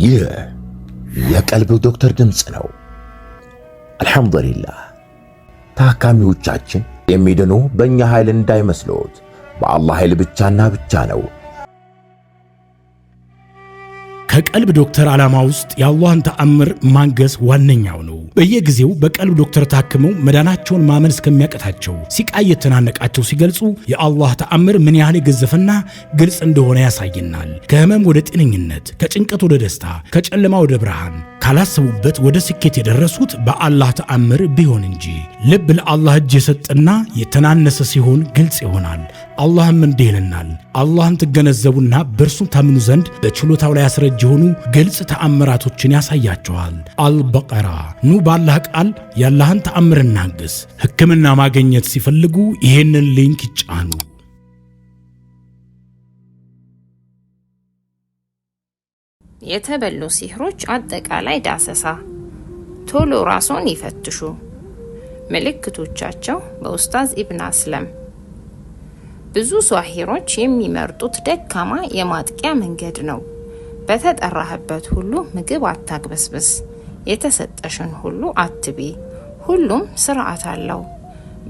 ይህ የቀልብ ዶክተር ድምፅ ነው። አልሐምዱሊላህ ታካሚዎቻችን የሚድኑ በእኛ ኃይል እንዳይመስሎት፣ በአላህ ኃይል ብቻና ብቻ ነው። ከቀልብ ዶክተር ዓላማ ውስጥ የአላህን ተአምር ማንገስ ዋነኛው ነው። በየጊዜው በቀልብ ዶክተር ታክመው መዳናቸውን ማመን እስከሚያቀታቸው ሲቃይ የተናነቃቸው ሲገልጹ የአላህ ተአምር ምን ያህል የገዘፈና ግልጽ እንደሆነ ያሳየናል። ከህመም ወደ ጤነኝነት፣ ከጭንቀት ወደ ደስታ፣ ከጨለማ ወደ ብርሃን፣ ካላሰቡበት ወደ ስኬት የደረሱት በአላህ ተአምር ቢሆን እንጂ። ልብ ለአላህ እጅ የሰጠና የተናነሰ ሲሆን ግልጽ ይሆናል። አላህም እንዲህ ይለናል። አላህን ትገነዘቡና በእርሱ ታምኑ ዘንድ በችሎታው ላይ ያስረጅ የሆኑ ግልጽ ተአምራቶችን ያሳያቸዋል። አልበቀራ ኑ ባላህ ቃል ያላህን ተአምር እናግስ። ሕክምና ማግኘት ሲፈልጉ ይሄንን ሊንክ ይጫኑ። የተበሉ ሲህሮች አጠቃላይ ዳሰሳ። ቶሎ ራስዎን ይፈትሹ። ምልክቶቻቸው በኡስታዝ ኢብን አስለም። ብዙ ሷሂሮች የሚመርጡት ደካማ የማጥቂያ መንገድ ነው። በተጠራህበት ሁሉ ምግብ አታግበስብስ፣ የተሰጠሽን ሁሉ አትቢ። ሁሉም ስርዓት አለው።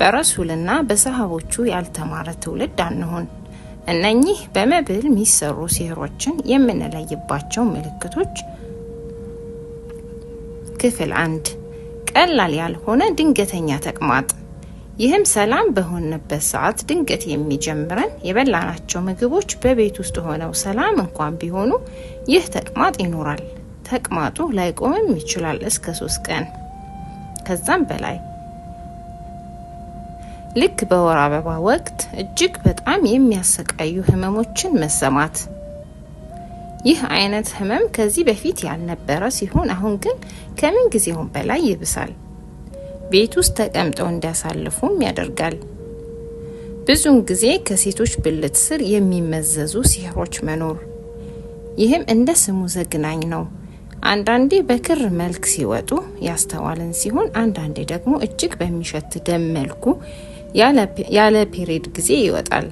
በረሱልና በሰሃቦቹ ያልተማረ ትውልድ አንሁን። እነኚህ በመብል የሚሰሩ ሲህሮችን የምንለይባቸው ምልክቶች ክፍል አንድ ቀላል ያልሆነ ድንገተኛ ተቅማጥ። ይህም ሰላም በሆንበት ሰዓት ድንገት የሚጀምረን የበላናቸው ምግቦች በቤት ውስጥ ሆነው ሰላም እንኳን ቢሆኑ ይህ ተቅማጥ ይኖራል። ተቅማጡ ላይቆምም ይችላል እስከ ሶስት ቀን ከዛም በላይ ልክ በወር አበባ ወቅት እጅግ በጣም የሚያሰቃዩ ህመሞችን መሰማት። ይህ አይነት ህመም ከዚህ በፊት ያልነበረ ሲሆን አሁን ግን ከምን ጊዜውም በላይ ይብሳል። ቤት ውስጥ ተቀምጠው እንዲያሳልፉም ያደርጋል። ብዙውን ጊዜ ከሴቶች ብልት ስር የሚመዘዙ ሲህሮች መኖር፣ ይህም እንደ ስሙ ዘግናኝ ነው። አንዳንዴ በክር መልክ ሲወጡ ያስተዋልን ሲሆን አንዳንዴ ደግሞ እጅግ በሚሸት ደም መልኩ ያለ ፔሬድ ጊዜ ይወጣል።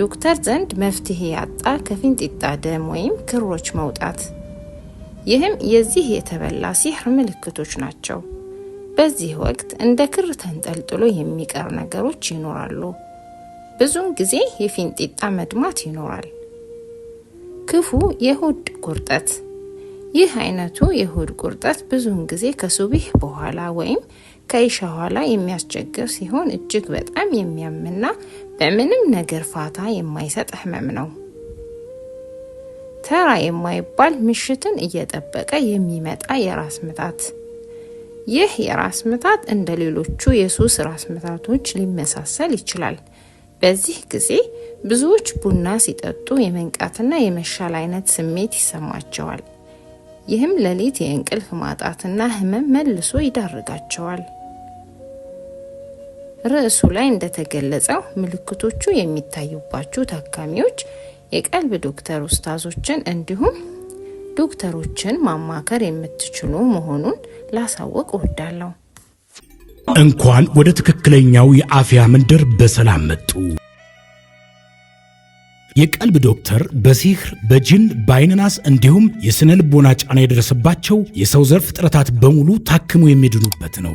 ዶክተር ዘንድ መፍትሄ ያጣ ከፊንጢጣ ደም ወይም ክሮች መውጣት፣ ይህም የዚህ የተበላ ሲህር ምልክቶች ናቸው። በዚህ ወቅት እንደ ክር ተንጠልጥሎ የሚቀር ነገሮች ይኖራሉ። ብዙውን ጊዜ የፊንጢጣ መድማት ይኖራል። ክፉ የሆድ ቁርጠት ይህ አይነቱ የሆድ ቁርጠት ብዙውን ጊዜ ከሱቢህ በኋላ ወይም ከኢሻ ኋላ የሚያስቸግር ሲሆን እጅግ በጣም የሚያምና በምንም ነገር ፋታ የማይሰጥ ህመም ነው። ተራ የማይባል ምሽትን እየጠበቀ የሚመጣ የራስ ምታት። ይህ የራስ ምታት እንደ ሌሎቹ የሱስ ራስ ምታቶች ሊመሳሰል ይችላል። በዚህ ጊዜ ብዙዎች ቡና ሲጠጡ የመንቃትና የመሻል አይነት ስሜት ይሰማቸዋል። ይህም ሌሊት የእንቅልፍ ማጣትና ህመም መልሶ ይዳርጋቸዋል። ርዕሱ ላይ እንደተገለጸው ምልክቶቹ የሚታዩባችሁ ታካሚዎች የቀልብ ዶክተር ኡስታዞችን እንዲሁም ዶክተሮችን ማማከር የምትችሉ መሆኑን ላሳወቅ እወዳለሁ። እንኳን ወደ ትክክለኛው የአፍያ መንደር በሰላም መጡ። የቀልብ ዶክተር በሲህር በጅን በአይንናስ እንዲሁም የስነ ልቦና ጫና የደረሰባቸው የሰው ዘር ፍጥረታት በሙሉ ታክሞ የሚድኑበት ነው።